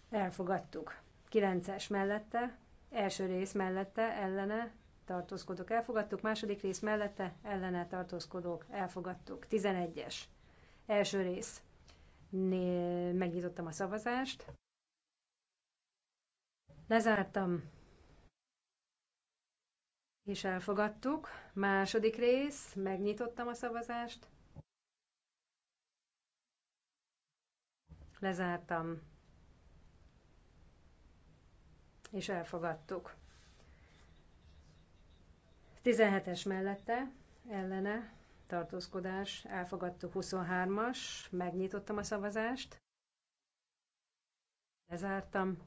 Speaker 1: elfogadtuk. Kilences mellette, első rész mellette ellene tartózkodók, elfogadtuk. Második rész mellette ellene tartózkodók, elfogadtuk. Tizenegyes. Első rész megnyitottam a szavazást. Lezártam. És elfogadtuk. Második rész, megnyitottam a szavazást. Lezártam. És elfogadtuk. 17-es mellette, ellene, tartózkodás, elfogadtuk 23-as, megnyitottam a szavazást, lezártam,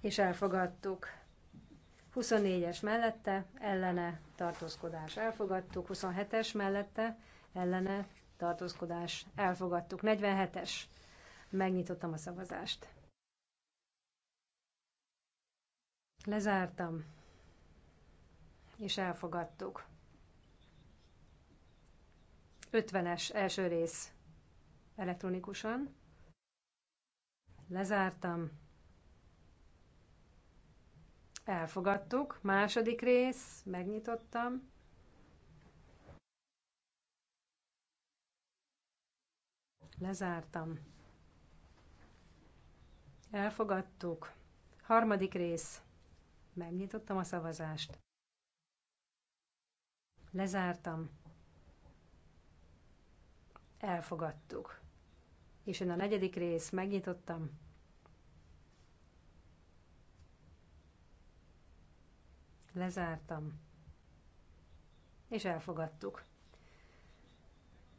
Speaker 1: és elfogadtuk. 24-es mellette, ellene, tartózkodás, elfogadtuk. 27-es mellette, ellene, tartózkodás, elfogadtuk. 47-es, megnyitottam a szavazást. Lezártam és elfogadtuk. 50-es első rész elektronikusan. Lezártam. Elfogadtuk. Második rész, megnyitottam. Lezártam. Elfogadtuk. Harmadik rész. Megnyitottam a szavazást. Lezártam. Elfogadtuk. És én a negyedik rész, megnyitottam. Lezártam. És elfogadtuk.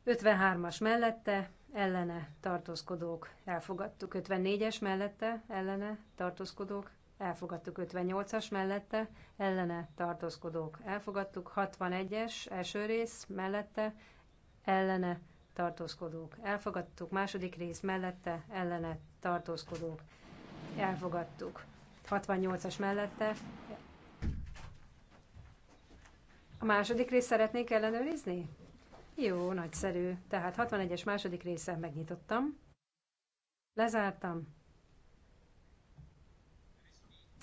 Speaker 1: 53-as mellette, ellene tartózkodók, elfogadtuk. 54-es mellette, ellene tartózkodók, elfogadtuk 58-as mellette, ellene tartózkodók elfogadtuk, 61-es első rész mellette, ellene tartózkodók elfogadtuk, második rész mellette, ellene tartózkodók elfogadtuk. 68-as mellette a második részt szeretnék ellenőrizni? Jó, nagyszerű. Tehát 61-es második része megnyitottam, lezártam,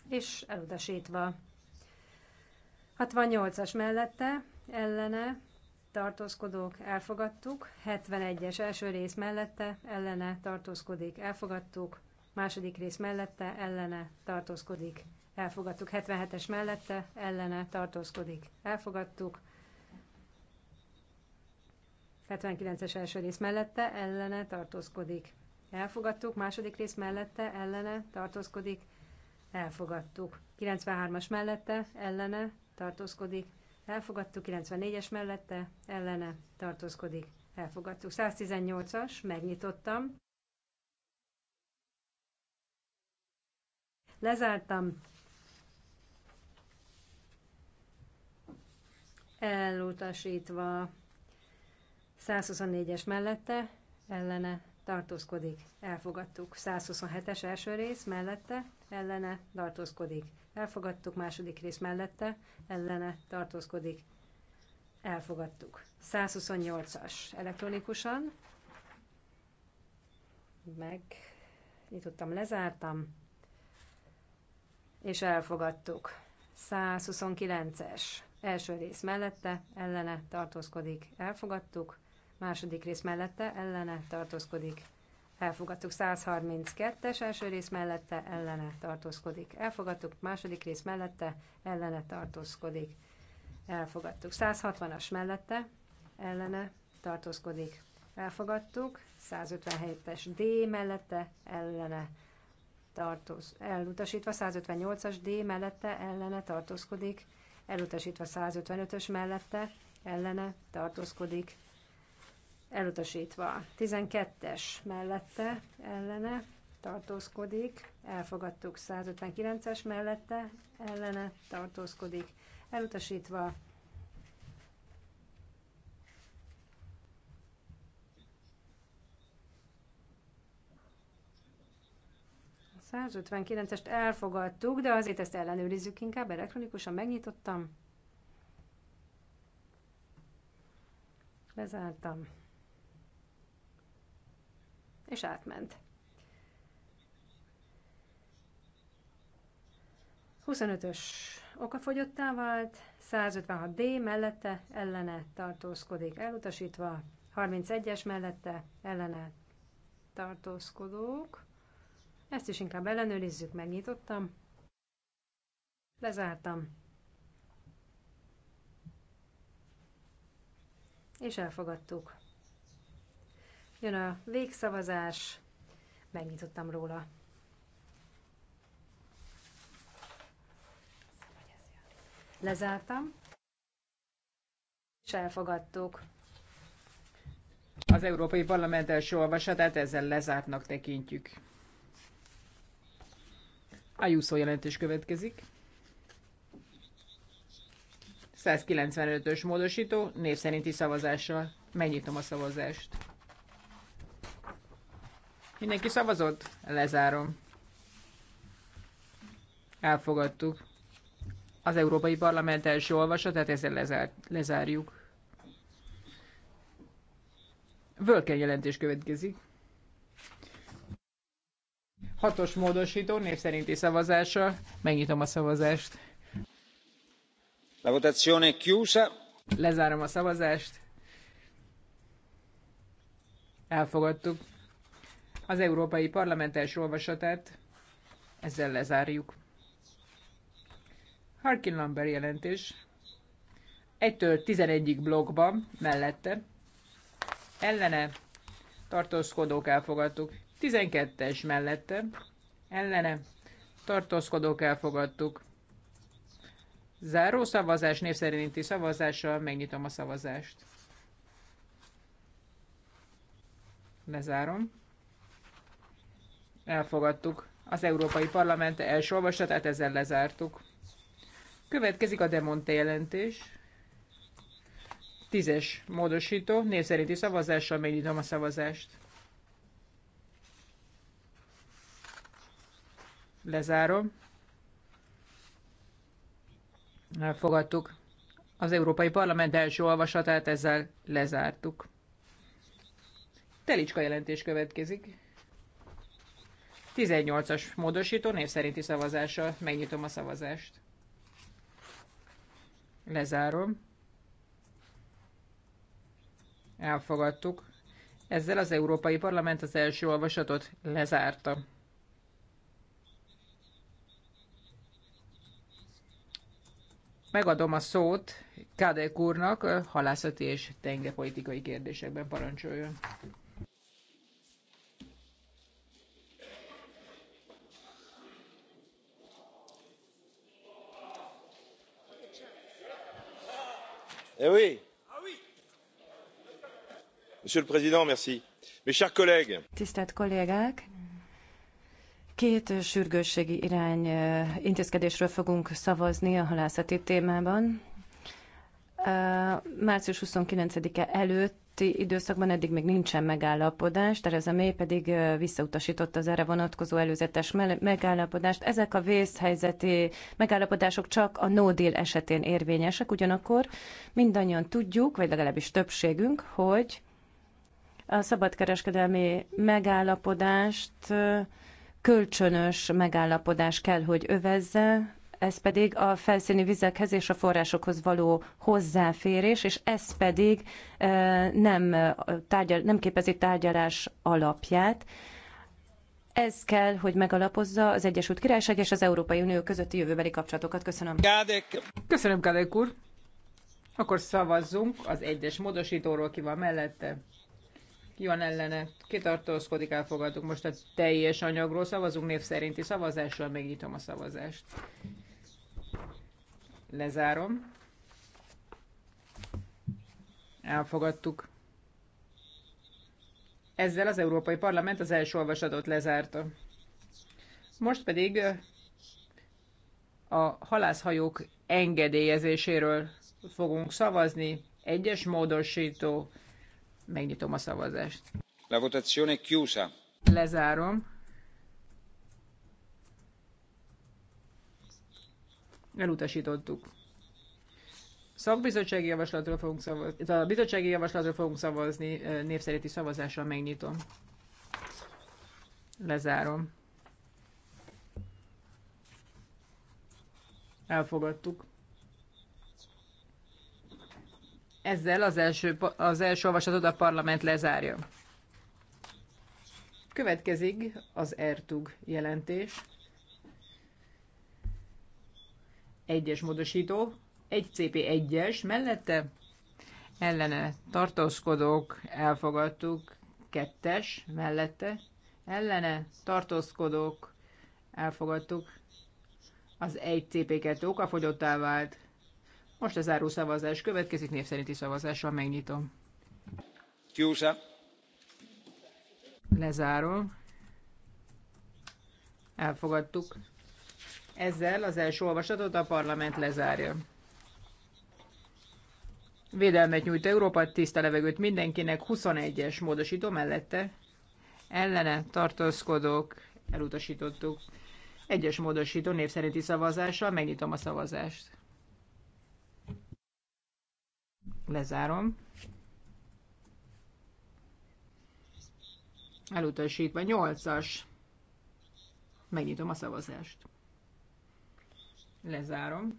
Speaker 1: és elutasítva. 68-as mellette, ellene, tartózkodók, elfogadtuk. 71-es első rész mellette, ellene, tartózkodik, elfogadtuk. Második rész mellette, ellene, tartózkodik, elfogadtuk. 77-es mellette, ellene, tartózkodik, elfogadtuk. 79-es első rész mellette, ellene, tartózkodik, elfogadtuk. Második rész mellette, ellene, tartózkodik, elfogadtuk elfogadtuk. 93-as mellette, ellene, tartózkodik, elfogadtuk. 94-es mellette, ellene, tartózkodik, elfogadtuk. 118-as, megnyitottam. Lezártam. Elutasítva 124-es mellette, ellene tartózkodik, elfogadtuk. 127-es első rész mellette, ellene, tartózkodik, elfogadtuk. Második rész mellette, ellene, tartózkodik, elfogadtuk. 128-as elektronikusan, meg nyitottam, lezártam, és elfogadtuk. 129-es első rész mellette, ellene, tartózkodik, elfogadtuk második rész mellette ellene tartózkodik. Elfogadtuk 132-es első rész mellette ellene tartózkodik. Elfogadtuk második rész mellette ellene tartózkodik. Elfogadtuk 160-as mellette ellene tartózkodik. Elfogadtuk 157-es D mellette ellene tartóz. Elutasítva 158-as D mellette ellene tartózkodik. Elutasítva 155-ös mellette ellene tartózkodik elutasítva. 12-es mellette ellene tartózkodik, elfogadtuk 159-es mellette ellene tartózkodik, elutasítva. A 159-est elfogadtuk, de azért ezt ellenőrizzük inkább, elektronikusan megnyitottam. Lezártam és átment. 25-ös okafogyottá vált, 156D mellette ellene tartózkodik elutasítva, 31-es mellette ellene tartózkodók. Ezt is inkább ellenőrizzük, megnyitottam, lezártam, és elfogadtuk. Jön a végszavazás, megnyitottam róla. Lezártam, és elfogadtuk.
Speaker 2: Az Európai Parlament első olvasatát ezzel lezártnak tekintjük. A Ajuszó jelentés következik. 195-ös módosító név szerinti szavazással. Megnyitom a szavazást. Mindenki szavazott? Lezárom. Elfogadtuk. Az Európai Parlament első tehát ezzel lezár, lezárjuk. Völken jelentés következik. Hatos módosító, név szerinti szavazása. Megnyitom a szavazást.
Speaker 3: La votazione chiusa.
Speaker 2: Lezárom a szavazást. Elfogadtuk az Európai Parlament első olvasatát. Ezzel lezárjuk. Harkin Lambert jelentés. 1-től 11-ig blogban mellette. Ellene tartózkodók elfogadtuk. 12-es mellette. Ellene tartózkodók elfogadtuk. Záró szavazás név szerinti szavazással megnyitom a szavazást. Lezárom. Elfogadtuk. Az Európai Parlament első olvasatát ezzel lezártuk. Következik a Demonte jelentés. Tízes módosító, név szerinti szavazással megnyitom a szavazást. Lezárom. Elfogadtuk. Az Európai Parlament első olvasatát ezzel lezártuk. Telicska jelentés következik. 18-as módosító név szerinti szavazással megnyitom a szavazást. Lezárom. Elfogadtuk. Ezzel az Európai Parlament az első olvasatot lezárta. Megadom a szót Kádek úrnak halászati és tengerpolitikai kérdésekben parancsoljon.
Speaker 1: Eh ah monsieur le président mes chers collègues tisztelt kollégák! két sürgősségi irány intézkedésről fogunk szavazni a halászati témában. március twenty nine e előtt előtti időszakban eddig még nincsen megállapodás, a mély pedig visszautasította az erre vonatkozó előzetes megállapodást. Ezek a vészhelyzeti megállapodások csak a no deal esetén érvényesek, ugyanakkor mindannyian tudjuk, vagy legalábbis többségünk, hogy a szabadkereskedelmi megállapodást kölcsönös megállapodás kell, hogy övezze, ez pedig a felszíni vizekhez és a forrásokhoz való hozzáférés, és ez pedig nem, tárgyal, nem képezi tárgyalás alapját. Ez kell, hogy megalapozza az Egyesült Királyság és az Európai Unió közötti jövőbeli kapcsolatokat. Köszönöm.
Speaker 2: Gádek. Köszönöm, Kádek úr. Akkor szavazzunk az egyes módosítóról, ki van mellette. Ki van ellene? tartózkodik? elfogadunk. Most a teljes anyagról szavazunk név szerinti szavazással, megnyitom a szavazást. Lezárom. Elfogadtuk. Ezzel az Európai Parlament az első olvasatot lezárta. Most pedig a halászhajók engedélyezéséről fogunk szavazni. Egyes módosító. Megnyitom a szavazást.
Speaker 3: La votazione chiusa.
Speaker 2: Lezárom. elutasítottuk. Szakbizottsági javaslatról fogunk szavazni, a bizottsági javaslatról fogunk szavazni, név szavazással megnyitom. Lezárom. Elfogadtuk. Ezzel az első, az első olvasatot a parlament lezárja. Következik az ERTUG jelentés. Egyes módosító, 1CP1-es mellette ellene tartózkodók elfogadtuk, kettes mellette ellene tartózkodók elfogadtuk, az 1CP2 okafogyottá vált. Most a záró szavazás következik, név szerinti szavazással megnyitom. Kiusa. Lezárom. Elfogadtuk. Ezzel az első olvasatot a parlament lezárja. Védelmet nyújt Európa, tiszta levegőt mindenkinek, 21-es módosító mellette ellene tartózkodók, elutasítottuk. Egyes módosító név szerinti szavazással megnyitom a szavazást. Lezárom. Elutasítva 8-as. Megnyitom a szavazást. Lezárom.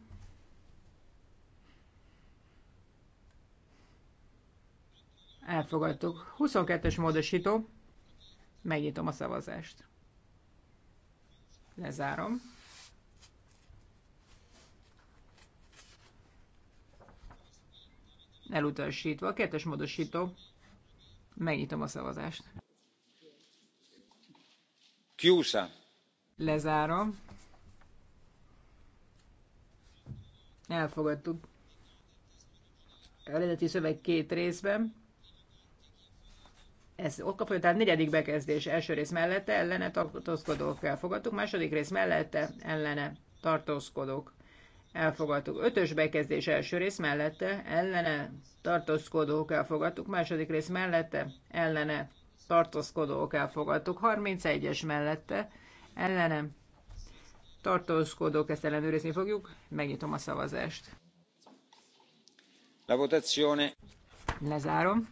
Speaker 2: Elfogadtuk. 22-es módosító. Megnyitom a szavazást. Lezárom. Elutasítva. Kettes módosító. Megnyitom a szavazást. Kiusa. Lezárom. Elfogadtuk. Eredeti szöveg két részben. Ez ott kapja, tehát negyedik bekezdés első rész mellette, ellene tartózkodók elfogadtuk, második rész mellette, ellene tartózkodók elfogadtuk. Ötös bekezdés első rész mellette, ellene tartózkodók elfogadtuk, második rész mellette, ellene tartózkodók elfogadtuk, 31-es mellette, ellene tartózkodók, ezt ellenőrizni fogjuk. Megnyitom a szavazást.
Speaker 3: La votazione.
Speaker 2: Lezárom.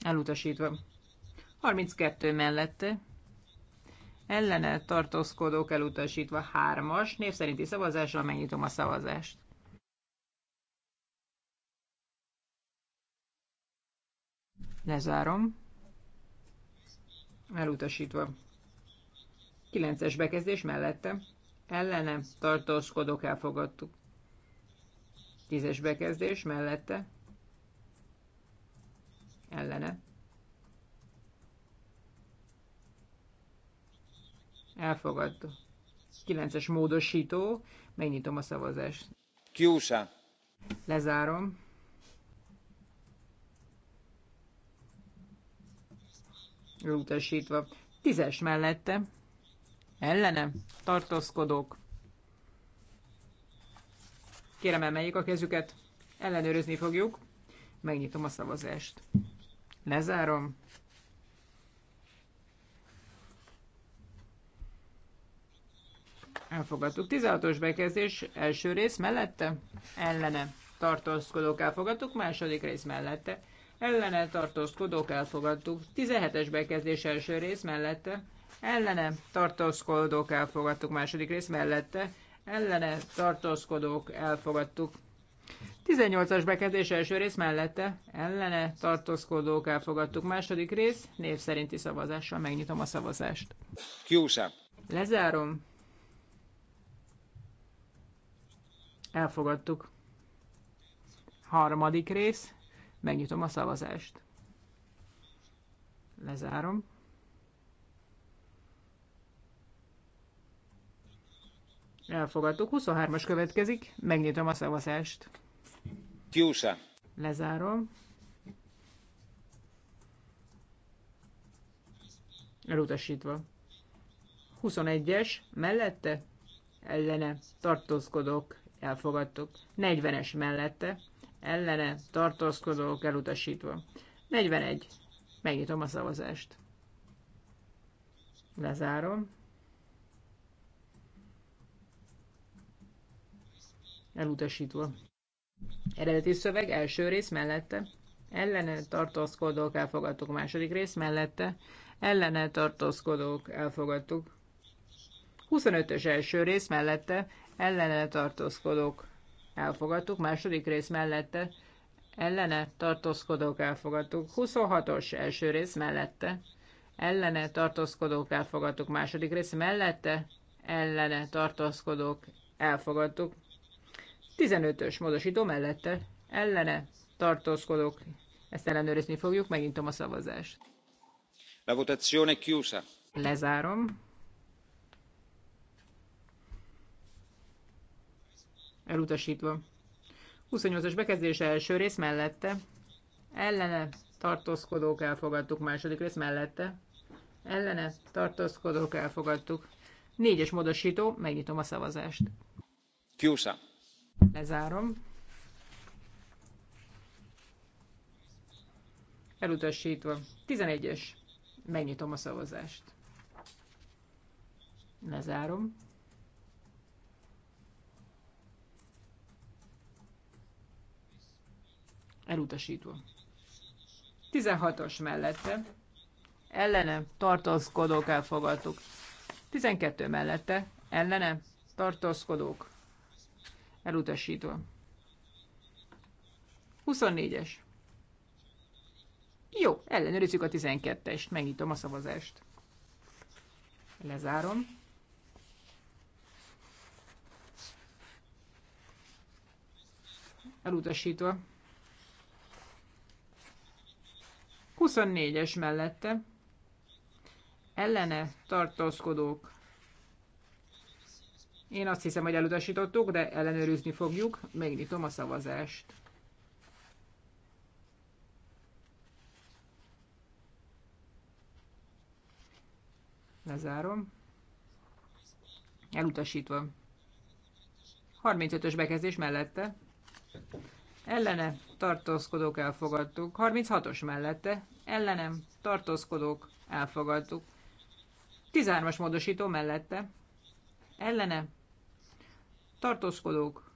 Speaker 2: Elutasítva. 32 mellette. Ellene tartózkodók elutasítva 3-as. Név szerinti szavazással megnyitom a szavazást. Lezárom elutasítva. 9-es bekezdés mellette, ellene tartózkodok, elfogadtuk. 10-es bekezdés mellette, ellene. Elfogadtuk. 9-es módosító, megnyitom a szavazást. Kiusa. Lezárom. elutasítva. Tízes mellette, ellene, Tartózkodok. Kérem, emeljék a kezüket, ellenőrizni fogjuk. Megnyitom a szavazást. Lezárom. Elfogadtuk. 16-os bekezdés első rész mellette, ellene tartózkodók elfogadtuk, második rész mellette, ellene tartózkodók elfogadtuk. 17-es bekezdés első rész mellette, ellene tartózkodók elfogadtuk második rész mellette, ellene tartózkodók elfogadtuk. 18-as bekezdés első rész mellette, ellene tartózkodók elfogadtuk második rész, név szerinti szavazással megnyitom a szavazást. Kiúsa. Lezárom. Elfogadtuk. Harmadik rész Megnyitom a szavazást. Lezárom. Elfogadtuk. 23-as következik. Megnyitom a szavazást. Kiusa. Lezárom. Elutasítva. 21-es. Mellette? Ellene. Tartózkodok. Elfogadtuk. 40-es mellette ellene tartózkodók elutasítva. 41. Megnyitom a szavazást. Lezárom. Elutasítva. Eredeti szöveg első rész mellette. Ellene tartózkodók elfogadtuk. Második rész mellette. Ellene tartózkodók elfogadtuk. 25-ös első rész mellette. Ellene tartózkodók elfogadtuk, második rész mellette, ellene tartózkodók elfogadtuk, 26-os első rész mellette, ellene tartózkodók elfogadtuk, második rész mellette, ellene tartózkodók elfogadtuk, 15-ös módosító mellette, ellene tartózkodók, ezt ellenőrizni fogjuk, megintom a szavazást.
Speaker 3: La votazione chiusa.
Speaker 2: Lezárom. elutasítva. 28-as bekezdés első rész mellette, ellene tartózkodók elfogadtuk, második rész mellette, ellene tartózkodók elfogadtuk. Négyes módosító, megnyitom a szavazást. Kiusa. Lezárom. Elutasítva. 11-es. Megnyitom a szavazást. Lezárom. elutasítva. 16-os mellette, ellene, tartózkodók elfogadtuk. 12 mellette, ellene, tartózkodók elutasítva. 24-es. Jó, ellenőrizzük a 12-est, megnyitom a szavazást. Lezárom. Elutasítva. 24-es mellette ellene tartózkodók. Én azt hiszem, hogy elutasítottuk, de ellenőrizni fogjuk. Megnyitom a szavazást. Lezárom. Elutasítva. 35-ös bekezdés mellette Ellene tartózkodók elfogadtuk. 36-os mellette. Ellenem tartózkodók elfogadtuk. 13-as módosító mellette. Ellene tartózkodók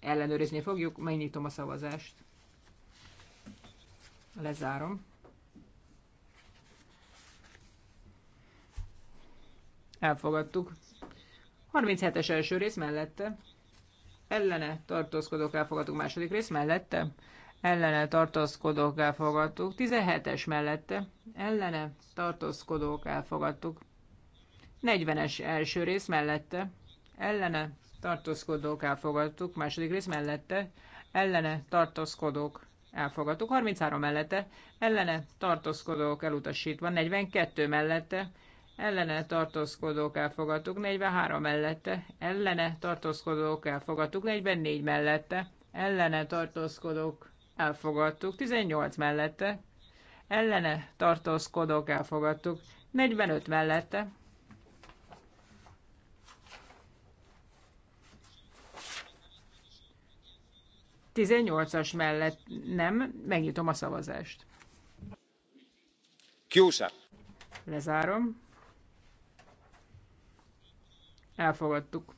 Speaker 2: ellenőrizni fogjuk. Megnyitom a szavazást. Lezárom. Elfogadtuk. 37-es első rész mellette ellene tartózkodók elfogadtuk második rész mellette, ellene tartózkodók elfogadtuk 17-es mellette, ellene tartózkodók elfogadtuk 40-es első rész mellette, ellene tartózkodók elfogadtuk második rész mellette, ellene tartózkodók elfogadtuk 33 mellette, ellene tartózkodók elutasítva 42 mellette, ellene tartózkodók elfogadtuk, 43 mellette, ellene tartózkodók elfogadtuk, 44 mellette, ellene tartózkodók elfogadtuk, 18 mellette, ellene tartózkodók elfogadtuk, 45 mellette, Tizennyolcas mellett nem, megnyitom a szavazást. Kiusa. Lezárom. Elfogadtuk.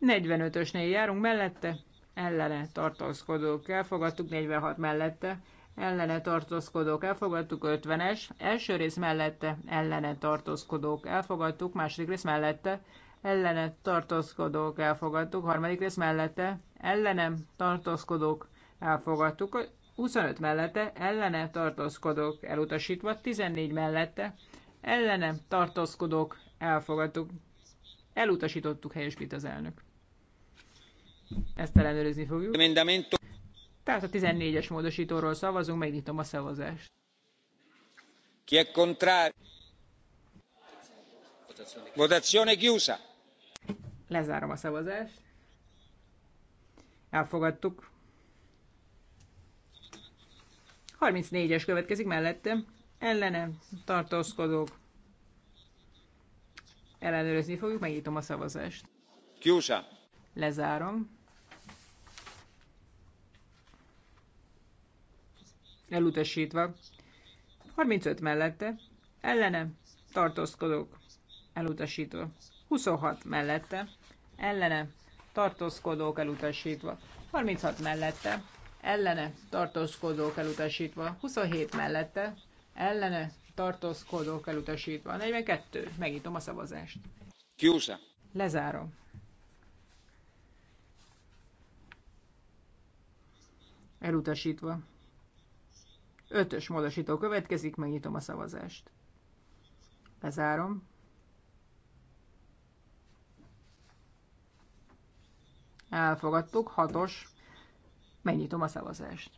Speaker 2: 45-ösnél járunk mellette, ellene tartózkodók elfogadtuk, 46 mellette, ellene tartózkodók elfogadtuk, 50-es, első rész mellette, ellene tartózkodók elfogadtuk, második rész mellette, ellene tartózkodók elfogadtuk, harmadik rész mellette, ellenem tartózkodók elfogadtuk, 25 mellette, ellene tartózkodók elutasítva, 14 mellette, ellene tartózkodók elfogadtuk. Elutasítottuk, helyesbít az elnök. Ezt ellenőrizni fogjuk. Tehát a 14-es módosítóról szavazunk, megnyitom a szavazást.
Speaker 3: Ki è contrario? Votazione chiusa.
Speaker 2: Lezárom a szavazást. Elfogadtuk. 34-es következik mellettem ellene tartózkodók ellenőrizni fogjuk, megnyitom a szavazást. Kiusa. Lezárom. Elutasítva. 35 mellette, ellene tartózkodók elutasítva. 26 mellette, ellene tartózkodók elutasítva. 36 mellette, ellene tartózkodók elutasítva. 27 mellette, ellene tartózkodók elutasítva. 42. Megnyitom a szavazást. Kiusa. Lezárom. Elutasítva. Ötös módosító következik, megnyitom a szavazást. Lezárom. Elfogadtuk, hatos. Megnyitom a szavazást.